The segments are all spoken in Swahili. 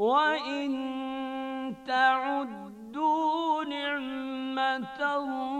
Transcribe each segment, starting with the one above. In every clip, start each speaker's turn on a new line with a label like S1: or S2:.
S1: وإن تعدوا نعمة الله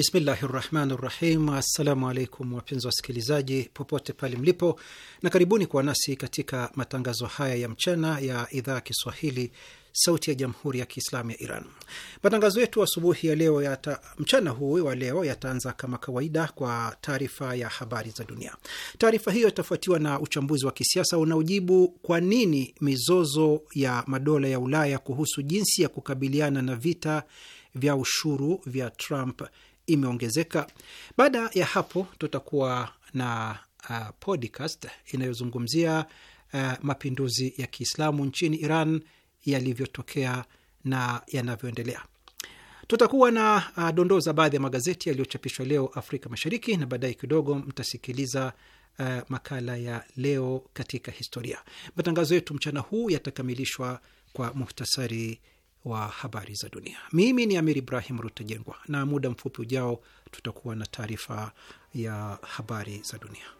S2: Bismillahi rahmani rahim. Assalamu alaikum wapenzi wasikilizaji popote pale mlipo, na karibuni kwa nasi katika matangazo haya ya mchana ya idhaa ya Kiswahili sauti ya jamhuri ya Kiislamu ya Iran. Matangazo yetu asubuhi ya leo yata, mchana huu wa leo yataanza kama kawaida kwa taarifa ya habari za dunia. Taarifa hiyo itafuatiwa na uchambuzi wa kisiasa unaojibu kwa nini mizozo ya madola ya Ulaya kuhusu jinsi ya kukabiliana na vita vya ushuru vya Trump imeongezeka. Baada ya hapo, tutakuwa na uh, podcast inayozungumzia uh, mapinduzi ya Kiislamu nchini Iran yalivyotokea na yanavyoendelea. Tutakuwa na uh, dondoo za baadhi ya magazeti yaliyochapishwa leo Afrika Mashariki, na baadaye kidogo mtasikiliza uh, makala ya leo katika historia. Matangazo yetu mchana huu yatakamilishwa kwa muhtasari wa habari za dunia. Mimi ni Amir Ibrahim Rutajengwa, na muda mfupi ujao tutakuwa na taarifa ya habari za dunia.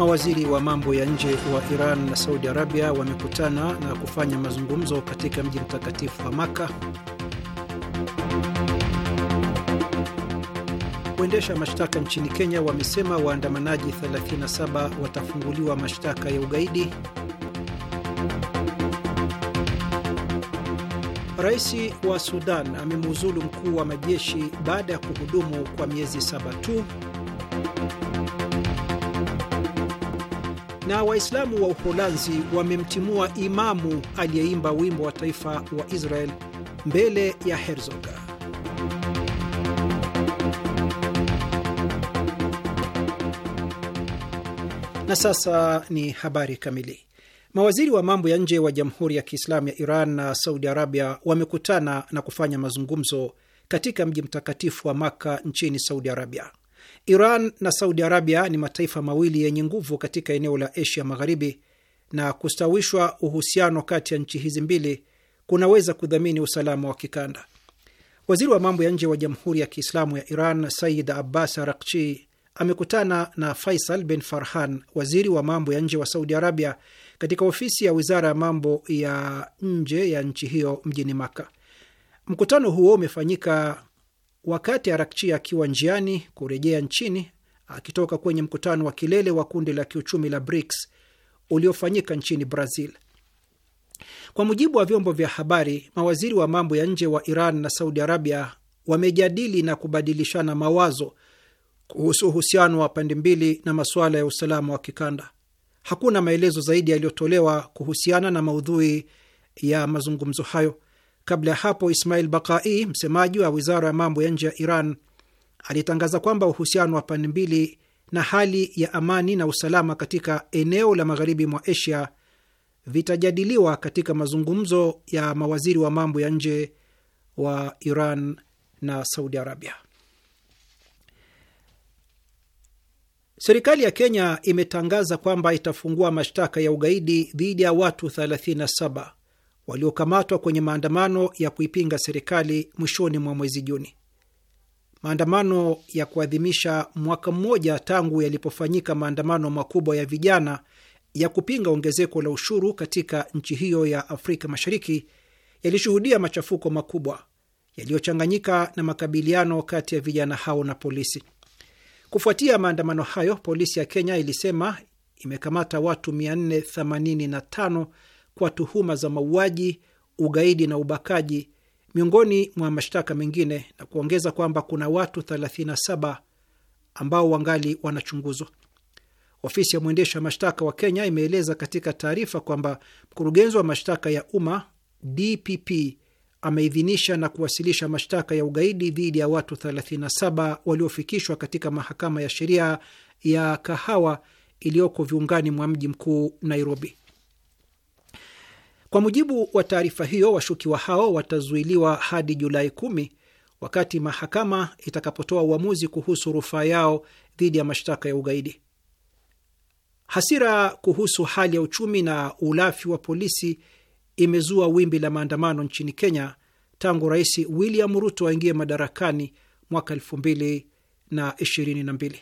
S2: Mawaziri wa mambo ya nje wa Iran na Saudi Arabia wamekutana na kufanya mazungumzo katika mji mtakatifu wa Maka. Waendesha mashtaka nchini Kenya wamesema waandamanaji 37 watafunguliwa mashtaka ya ugaidi. Rais wa Sudan amemuuzulu mkuu wa majeshi baada ya kuhudumu kwa miezi saba tu na Waislamu wa Uholanzi wamemtimua imamu aliyeimba wimbo wa taifa wa Israel mbele ya Herzoga. Na sasa ni habari kamili. Mawaziri wa mambo ya nje wa Jamhuri ya Kiislamu ya Iran na Saudi Arabia wamekutana na kufanya mazungumzo katika mji mtakatifu wa Maka nchini Saudi Arabia. Iran na Saudi Arabia ni mataifa mawili yenye nguvu katika eneo la Asia Magharibi, na kustawishwa uhusiano kati ya nchi hizi mbili kunaweza kudhamini usalama wa kikanda. Waziri wa mambo ya nje wa Jamhuri ya Kiislamu ya Iran Said Abbas Arakchi amekutana na Faisal bin Farhan, waziri wa mambo ya nje wa Saudi Arabia, katika ofisi ya wizara ya mambo ya nje ya nchi hiyo mjini Maka. Mkutano huo umefanyika Wakati Arakchi akiwa njiani kurejea nchini akitoka kwenye mkutano wa kilele wa kundi la kiuchumi la BRICS uliofanyika nchini Brazil. Kwa mujibu wa vyombo vya habari, mawaziri wa mambo ya nje wa Iran na Saudi Arabia wamejadili na kubadilishana mawazo kuhusu uhusiano wa pande mbili na masuala ya usalama wa kikanda. Hakuna maelezo zaidi yaliyotolewa kuhusiana na maudhui ya mazungumzo hayo. Kabla ya hapo, Ismail Bakai, msemaji wa wizara ya mambo ya nje ya Iran, alitangaza kwamba uhusiano wa pande mbili na hali ya amani na usalama katika eneo la magharibi mwa Asia vitajadiliwa katika mazungumzo ya mawaziri wa mambo ya nje wa Iran na Saudi Arabia. Serikali ya Kenya imetangaza kwamba itafungua mashtaka ya ugaidi dhidi ya watu 37 waliokamatwa kwenye maandamano ya kuipinga serikali mwishoni mwa mwezi Juni. Maandamano ya kuadhimisha mwaka mmoja tangu yalipofanyika maandamano makubwa ya vijana ya kupinga ongezeko la ushuru katika nchi hiyo ya Afrika Mashariki yalishuhudia machafuko makubwa yaliyochanganyika na makabiliano kati ya vijana hao na polisi. Kufuatia maandamano hayo, polisi ya Kenya ilisema imekamata watu 485 kwa tuhuma za mauaji, ugaidi na ubakaji, miongoni mwa mashtaka mengine, na kuongeza kwamba kuna watu 37 ambao wangali wanachunguzwa. Ofisi ya mwendesha mashtaka wa Kenya imeeleza katika taarifa kwamba mkurugenzi wa mashtaka ya umma DPP ameidhinisha na kuwasilisha mashtaka ya ugaidi dhidi ya watu 37 waliofikishwa katika mahakama ya sheria ya Kahawa iliyoko viungani mwa mji mkuu Nairobi. Kwa mujibu wa taarifa hiyo, washukiwa hao watazuiliwa hadi Julai kumi wakati mahakama itakapotoa uamuzi kuhusu rufaa yao dhidi ya mashtaka ya ugaidi. Hasira kuhusu hali ya uchumi na ulafi wa polisi imezua wimbi la maandamano nchini Kenya tangu Rais William Ruto aingie madarakani mwaka 2022.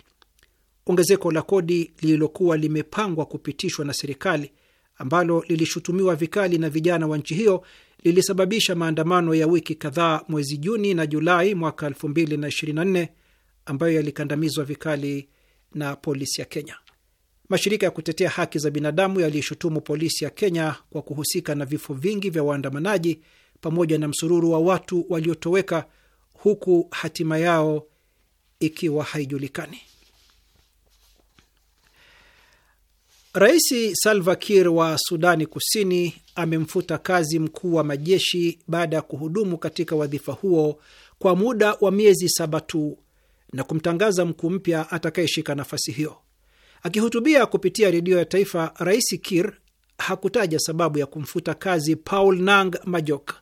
S2: Ongezeko la kodi lililokuwa limepangwa kupitishwa na serikali ambalo lilishutumiwa vikali na vijana wa nchi hiyo lilisababisha maandamano ya wiki kadhaa mwezi Juni na Julai mwaka 2024 ambayo yalikandamizwa vikali na polisi ya Kenya. Mashirika ya kutetea haki za binadamu yaliishutumu polisi ya Kenya kwa kuhusika na vifo vingi vya waandamanaji pamoja na msururu wa watu waliotoweka huku hatima yao ikiwa haijulikani. Rais Salva Kiir wa Sudani Kusini amemfuta kazi mkuu wa majeshi baada ya kuhudumu katika wadhifa huo kwa muda wa miezi saba tu na kumtangaza mkuu mpya atakayeshika nafasi hiyo. Akihutubia kupitia redio ya taifa, Rais Kiir hakutaja sababu ya kumfuta kazi Paul Nang Majok.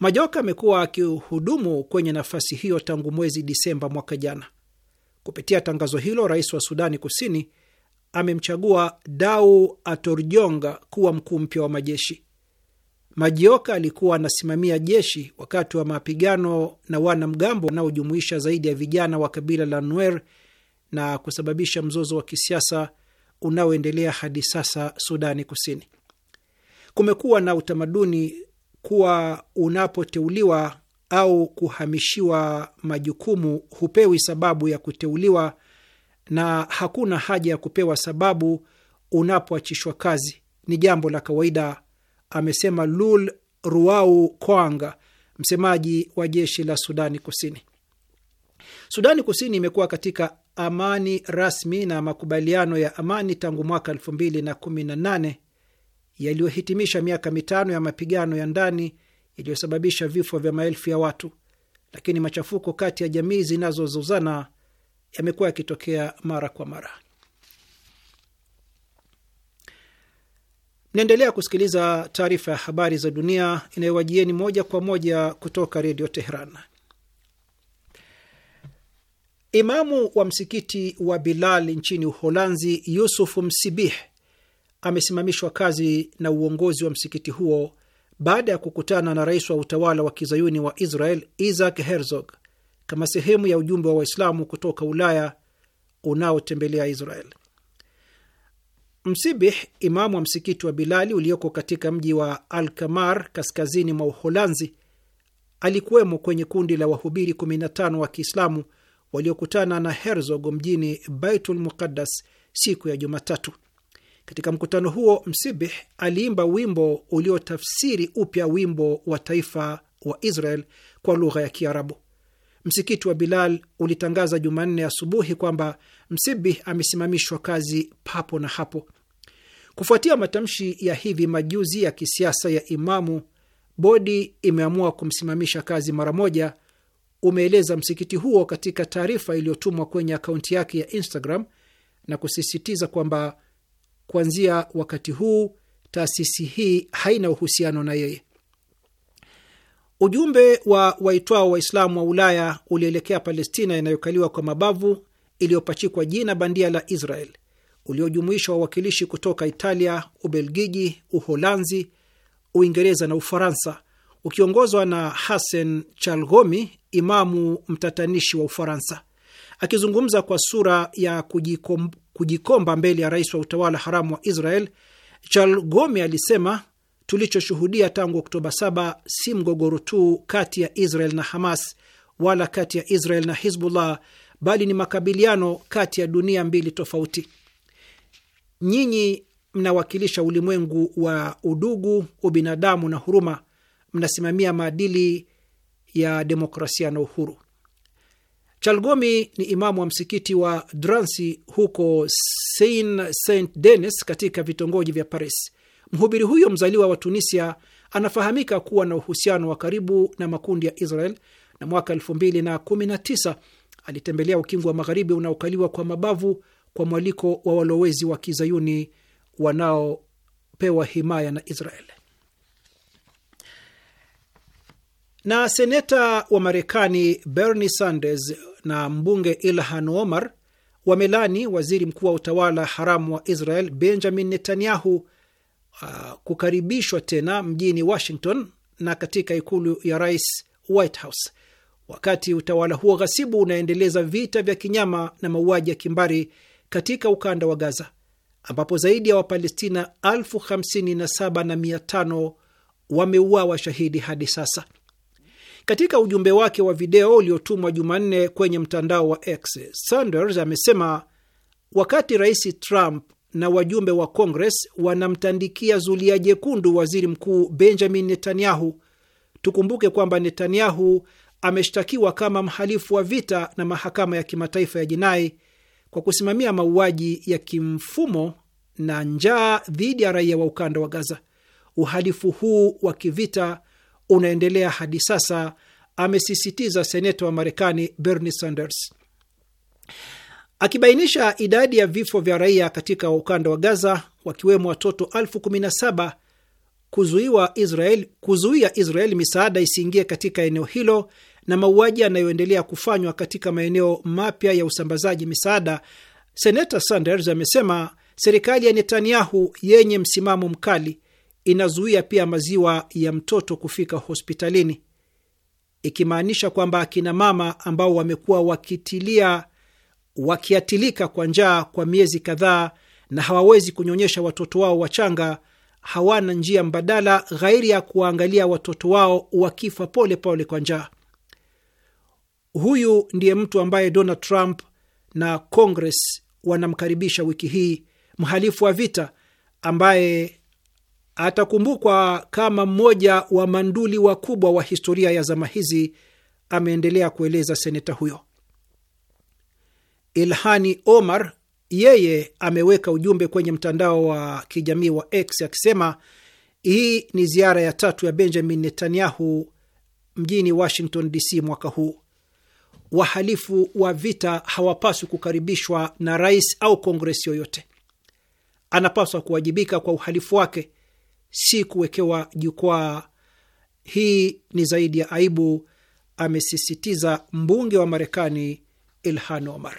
S2: Majok amekuwa akihudumu kwenye nafasi hiyo tangu mwezi Disemba mwaka jana. Kupitia tangazo hilo, rais wa Sudani Kusini amemchagua Dau Atorjonga kuwa mkuu mpya wa majeshi. Majioka alikuwa anasimamia jeshi wakati wa mapigano na wanamgambo wanaojumuisha zaidi ya vijana wa kabila la Nuer na kusababisha mzozo wa kisiasa unaoendelea hadi sasa Sudani Kusini. Kumekuwa na utamaduni kuwa unapoteuliwa au kuhamishiwa majukumu hupewi sababu ya kuteuliwa na hakuna haja ya kupewa sababu unapoachishwa kazi, ni jambo la kawaida, amesema Lul Ruau Koanga, msemaji wa jeshi la Sudani Kusini. Sudani Kusini imekuwa katika amani rasmi na makubaliano ya amani tangu mwaka 2018 yaliyohitimisha miaka mitano ya mapigano ya ndani yaliyosababisha vifo vya maelfu ya watu, lakini machafuko kati ya jamii zinazozozana yamekuwa yakitokea mara kwa mara. Mnaendelea kusikiliza taarifa ya habari za dunia inayowajieni moja kwa moja kutoka redio Teheran. Imamu wa msikiti wa Bilal nchini Uholanzi, Yusuf Msibih, amesimamishwa kazi na uongozi wa msikiti huo baada ya kukutana na rais wa utawala wa kizayuni wa Israel Isaac Herzog kama sehemu ya ujumbe wa Waislamu kutoka Ulaya unaotembelea Israel. Msibih, imamu wa msikiti wa Bilali ulioko katika mji wa Alkamar kaskazini mwa Uholanzi, alikuwemo kwenye kundi la wahubiri 15 wa Kiislamu waliokutana na Herzog mjini Baitul Muqaddas siku ya Jumatatu. Katika mkutano huo, Msibih aliimba wimbo uliotafsiri upya wimbo wa taifa wa Israel kwa lugha ya Kiarabu msikiti wa Bilal ulitangaza Jumanne asubuhi kwamba Msibi amesimamishwa kazi papo na hapo. Kufuatia matamshi ya hivi majuzi ya kisiasa ya imamu, bodi imeamua kumsimamisha kazi mara moja, umeeleza msikiti huo katika taarifa iliyotumwa kwenye akaunti yake ya Instagram na kusisitiza kwamba kuanzia wakati huu taasisi hii haina uhusiano na yeye. Ujumbe wa waitwao Waislamu wa Ulaya ulielekea Palestina inayokaliwa kwa mabavu iliyopachikwa jina bandia la Israel, uliojumuisha wawakilishi kutoka Italia, Ubelgiji, Uholanzi, Uingereza na Ufaransa, ukiongozwa na Hassen Chalgomi, imamu mtatanishi wa Ufaransa. Akizungumza kwa sura ya kujikomba mbele ya rais wa utawala haramu wa Israel, Chalgomi alisema Tulichoshuhudia tangu Oktoba 7 si mgogoro tu kati ya Israel na Hamas wala kati ya Israel na Hizbullah, bali ni makabiliano kati ya dunia mbili tofauti. Nyinyi mnawakilisha ulimwengu wa udugu, ubinadamu na huruma. Mnasimamia maadili ya demokrasia na uhuru. Chalgomi ni imamu wa msikiti wa Drancy huko Saint Saint Denis katika vitongoji vya Paris. Mhubiri huyo mzaliwa wa Tunisia anafahamika kuwa na uhusiano wa karibu na makundi ya Israel na mwaka 2019 alitembelea ukingo wa magharibi unaokaliwa kwa mabavu kwa mwaliko wa walowezi wa kizayuni wanaopewa himaya na Israel. Na seneta wa Marekani Bernie Sanders na mbunge Ilhan Omar wamelani waziri mkuu wa utawala haramu wa Israel Benjamin Netanyahu uh, kukaribishwa tena mjini Washington na katika ikulu ya rais White House, wakati utawala huo ghasibu unaendeleza vita vya kinyama na mauaji ya kimbari katika ukanda wa Gaza ambapo zaidi ya Wapalestina 57 wameuawa shahidi hadi sasa. Katika ujumbe wake wa video uliotumwa Jumanne kwenye mtandao wa X, Sanders amesema wakati Rais Trump na wajumbe wa Kongres wanamtandikia zulia jekundu waziri mkuu Benjamin Netanyahu. Tukumbuke kwamba Netanyahu ameshtakiwa kama mhalifu wa vita na mahakama ya kimataifa ya jinai kwa kusimamia mauaji ya kimfumo na njaa dhidi ya raia wa ukanda wa Gaza. Uhalifu huu wa kivita unaendelea hadi sasa, amesisitiza seneta wa Marekani Bernie Sanders akibainisha idadi ya vifo vya raia katika ukanda wa Gaza, wakiwemo watoto elfu kumi na saba kuzuia Israeli kuzuia misaada isiingie katika eneo hilo na mauaji yanayoendelea kufanywa katika maeneo mapya ya usambazaji misaada. Senata Sanders amesema serikali ya Netanyahu yenye msimamo mkali inazuia pia maziwa ya mtoto kufika hospitalini, ikimaanisha kwamba akina mama ambao wamekuwa wakitilia wakiatilika kwa njaa kwa miezi kadhaa na hawawezi kunyonyesha watoto wao wachanga, hawana njia mbadala ghairi ya kuwaangalia watoto wao wakifa pole pole kwa njaa. Huyu ndiye mtu ambaye Donald Trump na Congress wanamkaribisha wiki hii, mhalifu wa vita ambaye atakumbukwa kama mmoja wa manduli wakubwa wa historia ya zama hizi, ameendelea kueleza seneta huyo. Ilhani Omar yeye ameweka ujumbe kwenye mtandao wa kijamii wa X akisema hii ni ziara ya tatu ya Benjamin Netanyahu mjini Washington DC mwaka huu. Wahalifu wa vita hawapaswi kukaribishwa na rais au kongresi yoyote. Anapaswa kuwajibika kwa uhalifu wake, si kuwekewa jukwaa. Hii ni zaidi ya aibu, amesisitiza mbunge wa Marekani Ilhan Omar.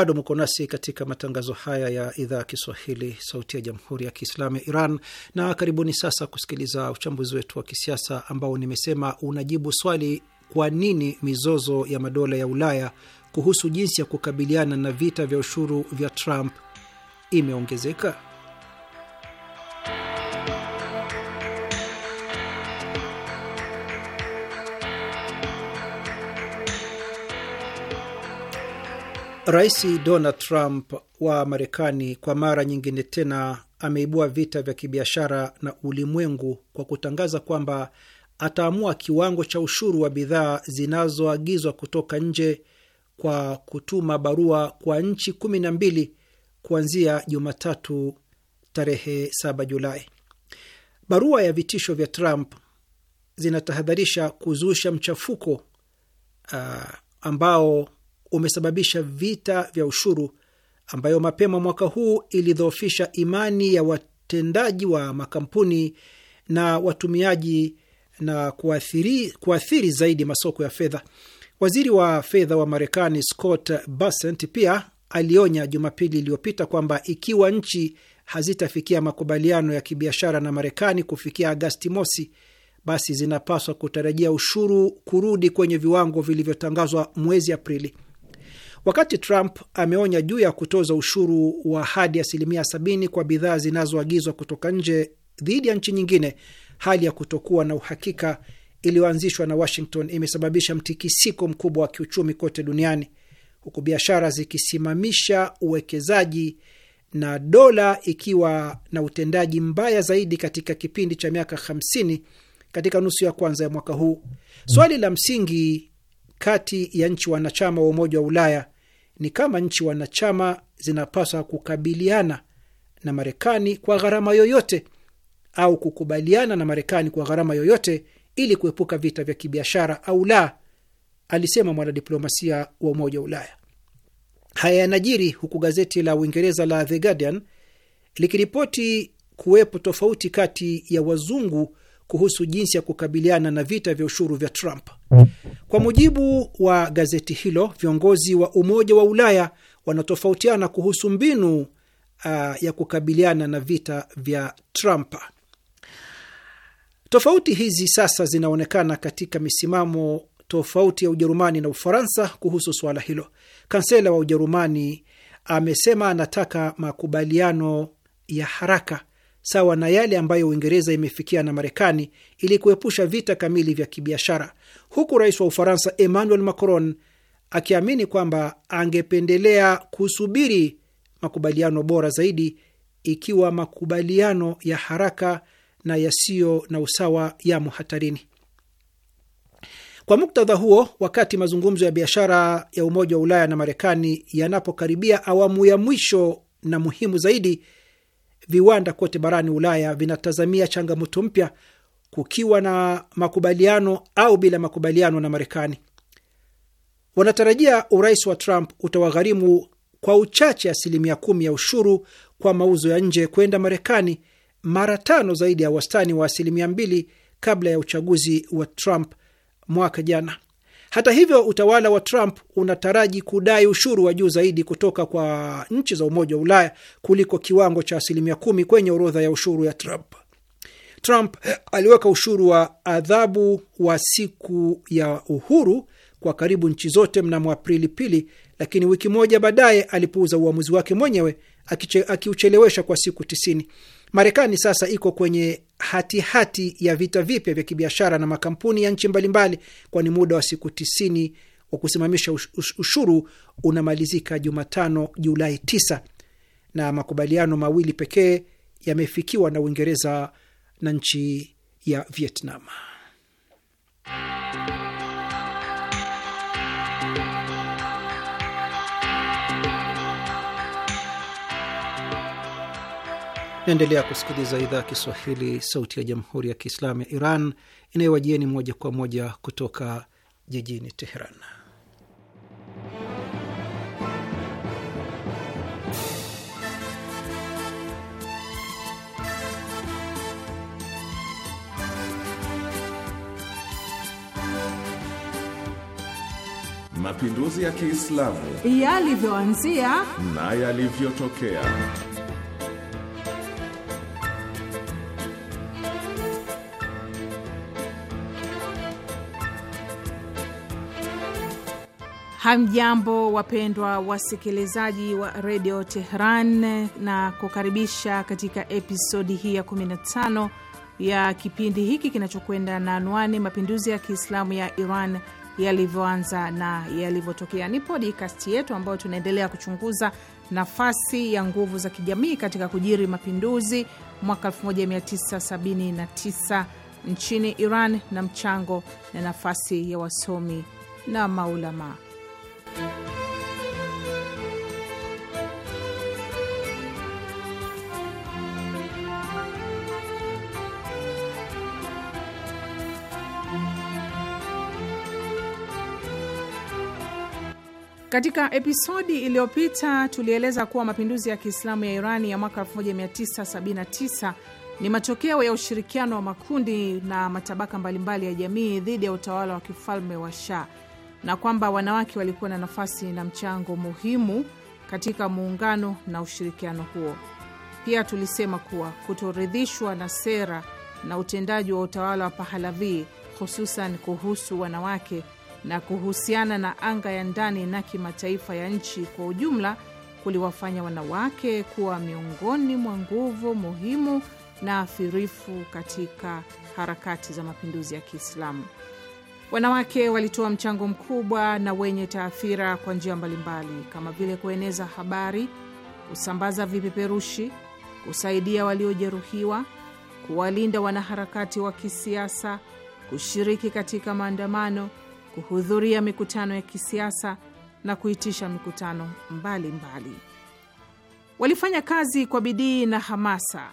S2: Bado mko nasi katika matangazo haya ya idhaa ya Kiswahili, sauti ya jamhuri ya kiislamu ya Iran, na karibuni sasa kusikiliza uchambuzi wetu wa kisiasa ambao nimesema unajibu swali, kwa nini mizozo ya madola ya Ulaya kuhusu jinsi ya kukabiliana na vita vya ushuru vya Trump imeongezeka. Rais Donald Trump wa Marekani kwa mara nyingine tena ameibua vita vya kibiashara na ulimwengu kwa kutangaza kwamba ataamua kiwango cha ushuru wa bidhaa zinazoagizwa kutoka nje kwa kutuma barua kwa nchi kumi na mbili kuanzia Jumatatu tarehe 7 Julai. Barua ya vitisho vya Trump zinatahadharisha kuzusha mchafuko uh, ambao umesababisha vita vya ushuru ambayo mapema mwaka huu ilidhoofisha imani ya watendaji wa makampuni na watumiaji na kuathiri, kuathiri zaidi masoko ya fedha. Waziri wa fedha wa Marekani Scott Bessent pia alionya Jumapili iliyopita kwamba ikiwa nchi hazitafikia makubaliano ya kibiashara na Marekani kufikia Agasti mosi, basi zinapaswa kutarajia ushuru kurudi kwenye viwango vilivyotangazwa mwezi Aprili. Wakati Trump ameonya juu ya kutoza ushuru wa hadi asilimia 70 kwa bidhaa zinazoagizwa kutoka nje dhidi ya nchi nyingine, hali ya kutokuwa na uhakika iliyoanzishwa na Washington imesababisha mtikisiko mkubwa wa kiuchumi kote duniani, huku biashara zikisimamisha uwekezaji na dola ikiwa na utendaji mbaya zaidi katika kipindi cha miaka 50 katika nusu ya kwanza ya mwaka huu. Swali la msingi kati ya nchi wanachama wa Umoja wa Ulaya ni kama nchi wanachama zinapaswa kukabiliana na Marekani kwa gharama yoyote au kukubaliana na Marekani kwa gharama yoyote ili kuepuka vita vya kibiashara au la, alisema mwanadiplomasia wa Umoja wa Ulaya. Haya yanajiri huku gazeti la Uingereza la The Guardian likiripoti kuwepo tofauti kati ya wazungu kuhusu jinsi ya kukabiliana na vita vya ushuru vya Trump. Mm. Kwa mujibu wa gazeti hilo, viongozi wa Umoja wa Ulaya wanatofautiana kuhusu mbinu uh, ya kukabiliana na vita vya Trump. Tofauti hizi sasa zinaonekana katika misimamo tofauti ya Ujerumani na Ufaransa kuhusu suala hilo. Kansela wa Ujerumani amesema anataka makubaliano ya haraka sawa na yale ambayo Uingereza imefikia na Marekani ili kuepusha vita kamili vya kibiashara, huku rais wa Ufaransa Emmanuel Macron akiamini kwamba angependelea kusubiri makubaliano bora zaidi, ikiwa makubaliano ya haraka na yasiyo na usawa yamo hatarini. Kwa muktadha huo, wakati mazungumzo ya biashara ya Umoja wa Ulaya na Marekani yanapokaribia awamu ya mwisho na muhimu zaidi viwanda kote barani Ulaya vinatazamia changamoto mpya, kukiwa na makubaliano au bila makubaliano na Marekani. Wanatarajia urais wa Trump utawagharimu kwa uchache asilimia kumi ya ushuru kwa mauzo ya nje kwenda Marekani, mara tano zaidi ya wastani wa asilimia mbili kabla ya uchaguzi wa Trump mwaka jana. Hata hivyo, utawala wa Trump unataraji kudai ushuru wa juu zaidi kutoka kwa nchi za Umoja wa Ulaya kuliko kiwango cha asilimia kumi kwenye orodha ya ushuru ya Trump. Trump aliweka ushuru wa adhabu wa siku ya uhuru kwa karibu nchi zote mnamo Aprili pili, lakini wiki moja baadaye alipuuza uamuzi wake mwenyewe akiuchelewesha kwa siku tisini. Marekani sasa iko kwenye hatihati hati ya vita vipya vya kibiashara na makampuni ya nchi mbalimbali, kwani muda wa siku tisini wa kusimamisha ushuru unamalizika Jumatano Julai 9 na makubaliano mawili pekee yamefikiwa na Uingereza na nchi ya Vietnam. Naendelea kusikiliza idhaa ya Kiswahili, sauti ya jamhuri ya kiislamu ya Iran inayowajieni moja kwa moja kutoka jijini Teheran.
S3: Mapinduzi ya Kiislamu
S4: yalivyoanzia
S3: na yalivyotokea.
S4: Hamjambo, wapendwa wasikilizaji wa redio Tehran, na kukaribisha katika episodi hii ya 15 ya kipindi hiki kinachokwenda na anwani mapinduzi ya Kiislamu ya Iran yalivyoanza na yalivyotokea. Ni podcast yetu ambayo tunaendelea kuchunguza nafasi ya nguvu za kijamii katika kujiri mapinduzi mwaka 1979 nchini Iran na mchango na nafasi ya wasomi na maulamaa. Katika episodi iliyopita tulieleza kuwa mapinduzi ya Kiislamu ya Irani ya mwaka 1979 ni matokeo ya ushirikiano wa makundi na matabaka mbalimbali ya jamii dhidi ya utawala wa kifalme wa Shah na kwamba wanawake walikuwa na nafasi na mchango muhimu katika muungano na ushirikiano huo. Pia tulisema kuwa kutoridhishwa na sera na utendaji wa utawala wa Pahalavi, hususan kuhusu wanawake na kuhusiana na anga ya ndani na kimataifa ya nchi kwa ujumla, kuliwafanya wanawake kuwa miongoni mwa nguvu muhimu na afirifu katika harakati za mapinduzi ya Kiislamu. Wanawake walitoa mchango mkubwa na wenye taathira kwa njia mbalimbali kama vile kueneza habari, kusambaza vipeperushi, kusaidia waliojeruhiwa, kuwalinda wanaharakati wa kisiasa, kushiriki katika maandamano, kuhudhuria mikutano ya kisiasa na kuitisha mikutano mbalimbali mbali. Walifanya kazi kwa bidii na hamasa,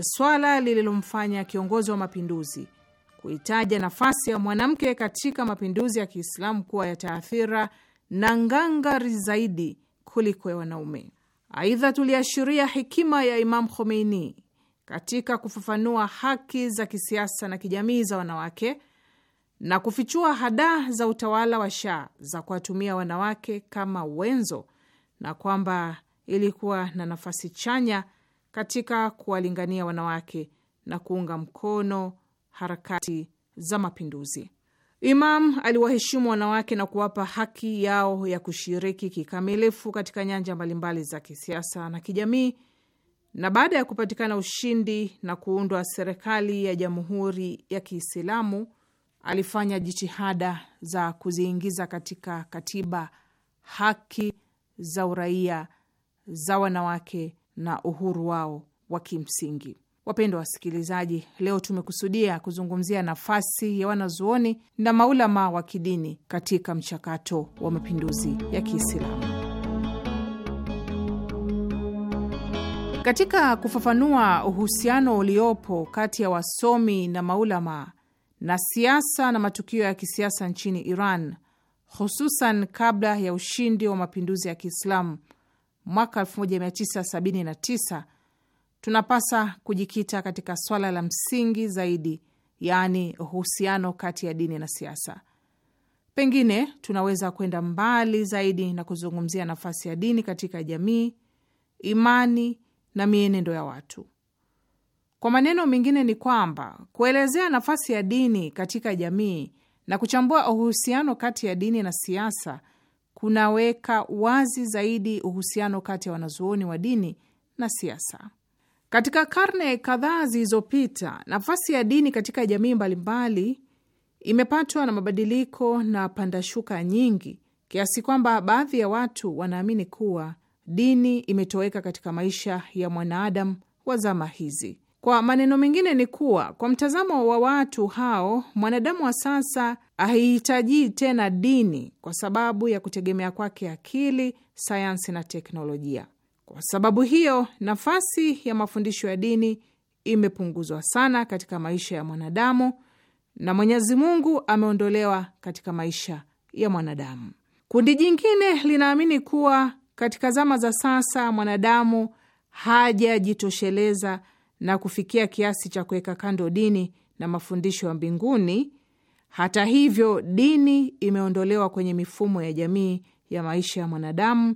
S4: swala lililomfanya kiongozi wa mapinduzi kuitaja nafasi ya mwanamke katika mapinduzi ya Kiislamu kuwa ya taathira na ngangari zaidi kuliko ya wanaume. Aidha, tuliashiria hekima ya Imam Khomeini katika kufafanua haki za kisiasa na kijamii za wanawake na kufichua hadaa za utawala wa Shah za kuwatumia wanawake kama wenzo na kwamba ilikuwa na nafasi chanya katika kuwalingania wanawake na kuunga mkono harakati za mapinduzi. Imam aliwaheshimu wanawake na kuwapa haki yao ya kushiriki kikamilifu katika nyanja mbalimbali za kisiasa na kijamii. Na baada ya kupatikana ushindi na kuundwa serikali ya Jamhuri ya Kiislamu, alifanya jitihada za kuziingiza katika katiba haki za uraia za wanawake na uhuru wao wa kimsingi. Wapendwa wasikilizaji, leo tumekusudia kuzungumzia nafasi ya wanazuoni na maulama wa kidini katika mchakato wa mapinduzi ya Kiislamu. Katika kufafanua uhusiano uliopo kati ya wasomi na maulama na siasa na matukio ya kisiasa nchini Iran, hususan kabla ya ushindi wa mapinduzi ya Kiislamu mwaka 1979 tunapasa kujikita katika swala la msingi zaidi, yaani uhusiano kati ya dini na siasa. Pengine tunaweza kwenda mbali zaidi na kuzungumzia nafasi ya dini katika jamii, imani na mienendo ya watu. Kwa maneno mengine, ni kwamba kuelezea nafasi ya dini katika jamii na kuchambua uhusiano kati ya dini na siasa kunaweka wazi zaidi uhusiano kati ya wanazuoni wa dini na siasa. Katika karne kadhaa zilizopita, nafasi ya dini katika jamii mbalimbali imepatwa na mabadiliko na pandashuka nyingi kiasi kwamba baadhi ya watu wanaamini kuwa dini imetoweka katika maisha ya mwanadamu wa zama hizi. Kwa maneno mengine ni kuwa kwa mtazamo wa watu hao, mwanadamu wa sasa haihitaji tena dini kwa sababu ya kutegemea kwake akili, sayansi na teknolojia. Kwa sababu hiyo, nafasi ya mafundisho ya dini imepunguzwa sana katika maisha ya mwanadamu na Mwenyezi Mungu ameondolewa katika maisha ya mwanadamu. Kundi jingine linaamini kuwa katika zama za sasa mwanadamu hajajitosheleza na kufikia kiasi cha kuweka kando dini na mafundisho ya mbinguni. Hata hivyo, dini imeondolewa kwenye mifumo ya jamii ya maisha ya mwanadamu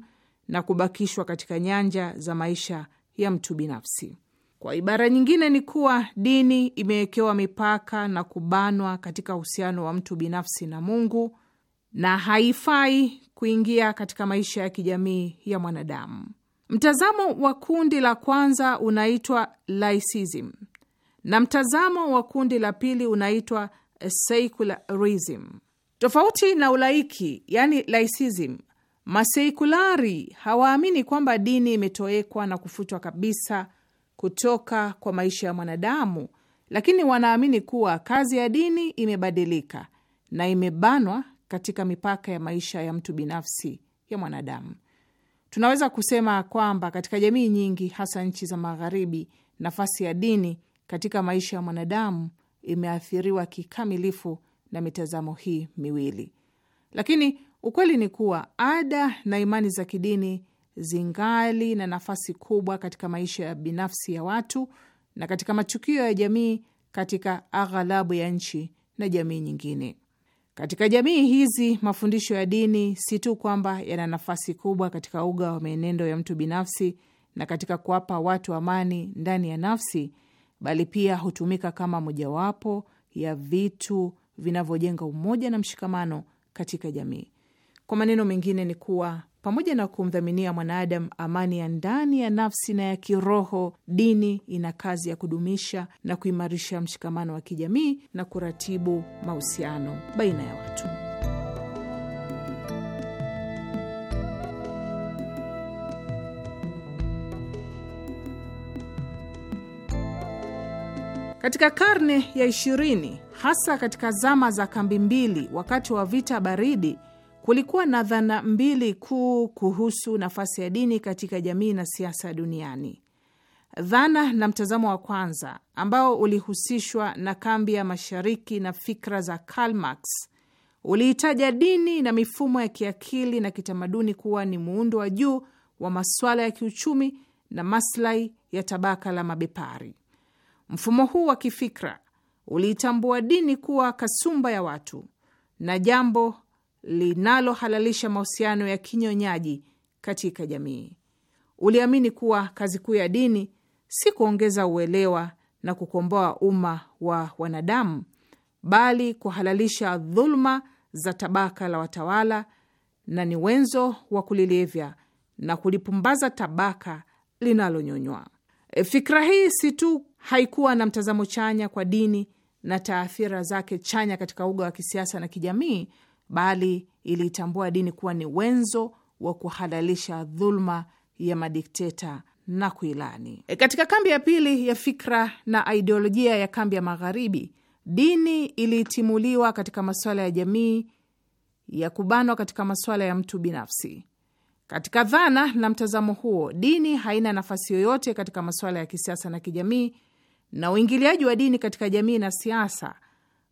S4: na kubakishwa katika nyanja za maisha ya mtu binafsi. Kwa ibara nyingine, ni kuwa dini imewekewa mipaka na kubanwa katika uhusiano wa mtu binafsi na Mungu na haifai kuingia katika maisha ya kijamii ya mwanadamu. Mtazamo wa kundi la kwanza unaitwa laicism na mtazamo wa kundi la pili unaitwa secularism. Tofauti na ulaiki, yani laicism, Maseikulari hawaamini kwamba dini imetowekwa na kufutwa kabisa kutoka kwa maisha ya mwanadamu, lakini wanaamini kuwa kazi ya dini imebadilika na imebanwa katika mipaka ya maisha ya mtu binafsi ya mwanadamu. Tunaweza kusema kwamba katika jamii nyingi, hasa nchi za Magharibi, nafasi ya dini katika maisha ya mwanadamu imeathiriwa kikamilifu na mitazamo hii miwili, lakini Ukweli ni kuwa ada na imani za kidini zingali na nafasi kubwa katika maisha ya binafsi ya watu na katika matukio ya jamii katika aghalabu ya nchi na jamii nyingine. Katika jamii hizi mafundisho ya dini si tu kwamba yana nafasi kubwa katika uga wa mienendo ya mtu binafsi na katika kuwapa watu amani ndani ya nafsi, bali pia hutumika kama mojawapo ya vitu vinavyojenga umoja na mshikamano katika jamii. Kwa maneno mengine ni kuwa pamoja na kumdhaminia mwanaadamu amani ya ndani ya nafsi na ya kiroho, dini ina kazi ya kudumisha na kuimarisha mshikamano wa kijamii na kuratibu mahusiano baina ya watu. Katika karne ya ishirini, hasa katika zama za kambi mbili, wakati wa vita baridi, Kulikuwa na dhana mbili kuu kuhusu nafasi ya dini katika jamii na siasa duniani. Dhana na mtazamo wa kwanza ambao ulihusishwa na kambi ya mashariki na fikra za Karl Marx uliitaja dini na mifumo ya kiakili na kitamaduni kuwa ni muundo wa juu wa masuala ya kiuchumi na maslahi ya tabaka la mabepari. Mfumo huu wa kifikra uliitambua dini kuwa kasumba ya watu na jambo linalohalalisha mahusiano ya kinyonyaji katika jamii. Uliamini kuwa kazi kuu ya dini si kuongeza uelewa na kukomboa umma wa wanadamu, bali kuhalalisha dhuluma za tabaka la watawala, na ni wenzo wa kulilevya na kulipumbaza tabaka linalonyonywa. E, fikra hii si tu haikuwa na mtazamo chanya kwa dini na taathira zake chanya katika uga wa kisiasa na kijamii, bali iliitambua dini kuwa ni wenzo wa kuhalalisha dhuluma ya madikteta na kuilani. E, katika kambi ya pili ya fikra na idiolojia ya kambi ya Magharibi, dini ilitimuliwa katika masuala ya jamii ya kubanwa katika masuala ya mtu binafsi. Katika dhana na mtazamo huo, dini haina nafasi yoyote katika masuala ya kisiasa na kijamii, na uingiliaji wa dini katika jamii na siasa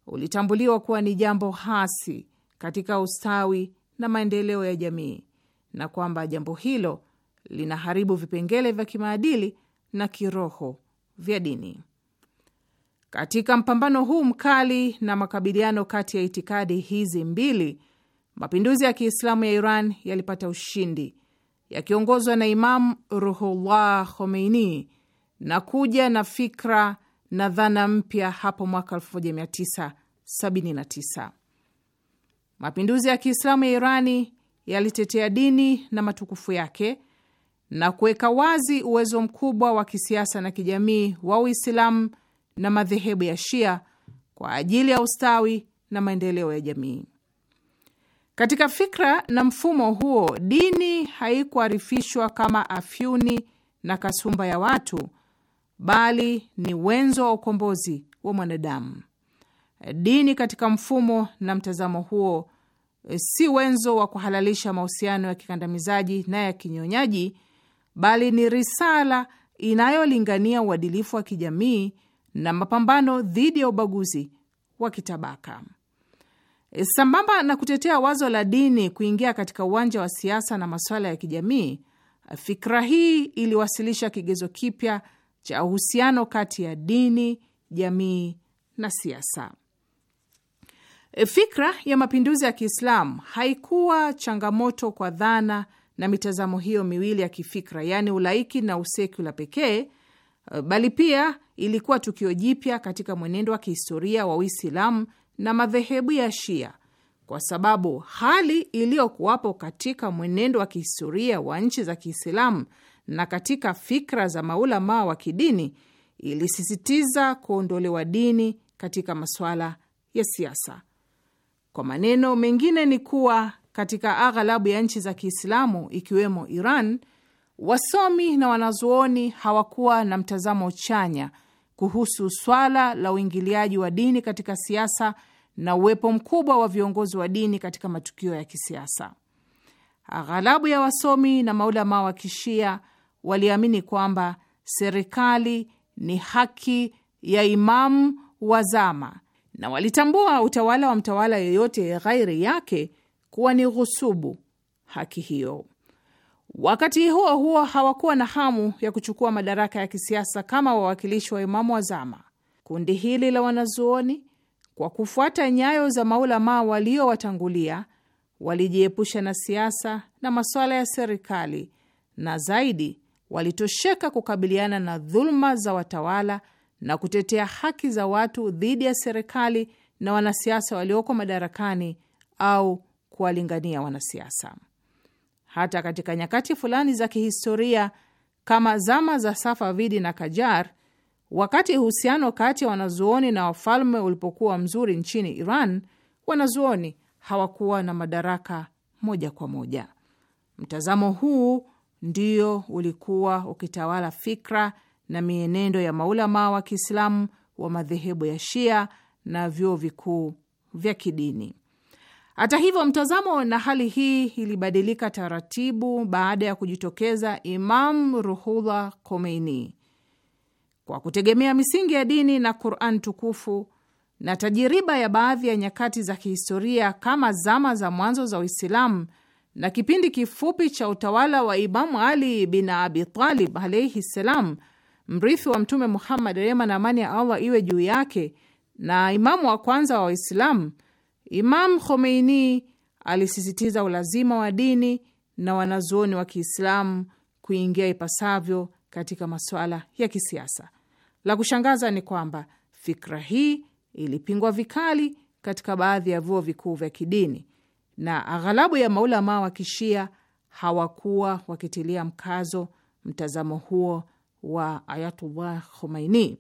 S4: ulitambuliwa kuwa ni jambo hasi katika ustawi na maendeleo ya jamii na kwamba jambo hilo linaharibu vipengele vya kimaadili na kiroho vya dini. Katika mpambano huu mkali na makabiliano kati ya itikadi hizi mbili, mapinduzi ya Kiislamu ya Iran yalipata ushindi yakiongozwa na Imamu Ruhullah Khomeini na kuja na fikra na dhana mpya hapo mwaka 1979. Mapinduzi ya Kiislamu ya Irani yalitetea dini na matukufu yake na kuweka wazi uwezo mkubwa wa kisiasa na kijamii wa Uislamu na madhehebu ya Shia kwa ajili ya ustawi na maendeleo ya jamii. Katika fikra na mfumo huo, dini haikuarifishwa kama afyuni na kasumba ya watu, bali ni wenzo wa ukombozi wa mwanadamu. Dini katika mfumo na mtazamo huo Eh, si wenzo wa kuhalalisha mahusiano ya kikandamizaji na ya kinyonyaji, bali ni risala inayolingania uadilifu wa kijamii na mapambano dhidi ya ubaguzi wa kitabaka. Eh, sambamba na kutetea wazo la dini kuingia katika uwanja wa siasa na masuala ya kijamii, fikra hii iliwasilisha kigezo kipya cha uhusiano kati ya dini, jamii na siasa. E, fikra ya mapinduzi ya Kiislamu haikuwa changamoto kwa dhana na mitazamo hiyo miwili ya kifikra, yaani ulaiki na usekula pekee, e, bali pia ilikuwa tukio jipya katika mwenendo wa kihistoria wa Uislamu na madhehebu ya Shia, kwa sababu hali iliyokuwapo katika mwenendo wa kihistoria wa nchi za Kiislamu na katika fikra za maulamaa wa kidini ilisisitiza kuondolewa dini katika masuala ya siasa. Kwa maneno mengine ni kuwa katika aghalabu ya nchi za Kiislamu ikiwemo Iran, wasomi na wanazuoni hawakuwa na mtazamo chanya kuhusu swala la uingiliaji wa dini katika siasa na uwepo mkubwa wa viongozi wa dini katika matukio ya kisiasa. Aghalabu ya wasomi na maulama wa Kishia waliamini kwamba serikali ni haki ya imamu wa zama na walitambua utawala wa mtawala yeyote ghairi yake kuwa ni ghusubu haki hiyo. Wakati huo huo, hawakuwa na hamu ya kuchukua madaraka ya kisiasa kama wawakilishi wa imamu wa zama. Kundi hili la wanazuoni, kwa kufuata nyayo za maulamaa waliowatangulia, walijiepusha na siasa na masuala ya serikali, na zaidi walitosheka kukabiliana na dhuluma za watawala na kutetea haki za watu dhidi ya serikali na wanasiasa walioko madarakani au kuwalingania wanasiasa. Hata katika nyakati fulani za kihistoria kama zama za Safavidi na Kajar, wakati uhusiano kati ya wanazuoni na wafalme ulipokuwa mzuri nchini Iran, wanazuoni hawakuwa na madaraka moja kwa moja. Mtazamo huu ndio ulikuwa ukitawala fikra na mienendo ya maulama wa Kiislamu wa madhehebu ya Shia na vyuo vikuu vya kidini. Hata hivyo, mtazamo na hali hii ilibadilika taratibu baada ya kujitokeza Imam Ruhullah Khomeini. Kwa kutegemea misingi ya dini na Quran tukufu na tajiriba ya baadhi ya nyakati za kihistoria kama zama za mwanzo za Uislamu na kipindi kifupi cha utawala wa Imamu Ali bin Abi Talib alaihi ssalam mrithi wa Mtume Muhammad, rehema na amani ya Allah iwe juu yake, na imamu wa kwanza wa Waislamu, Imam Khomeini alisisitiza ulazima wa dini na wanazuoni wa Kiislamu kuingia ipasavyo katika masuala ya kisiasa. La kushangaza ni kwamba fikra hii ilipingwa vikali katika baadhi ya vyuo vikuu vya kidini na aghalabu ya maulamaa wa Kishia hawakuwa wakitilia mkazo mtazamo huo wa Ayatullah Khomeini.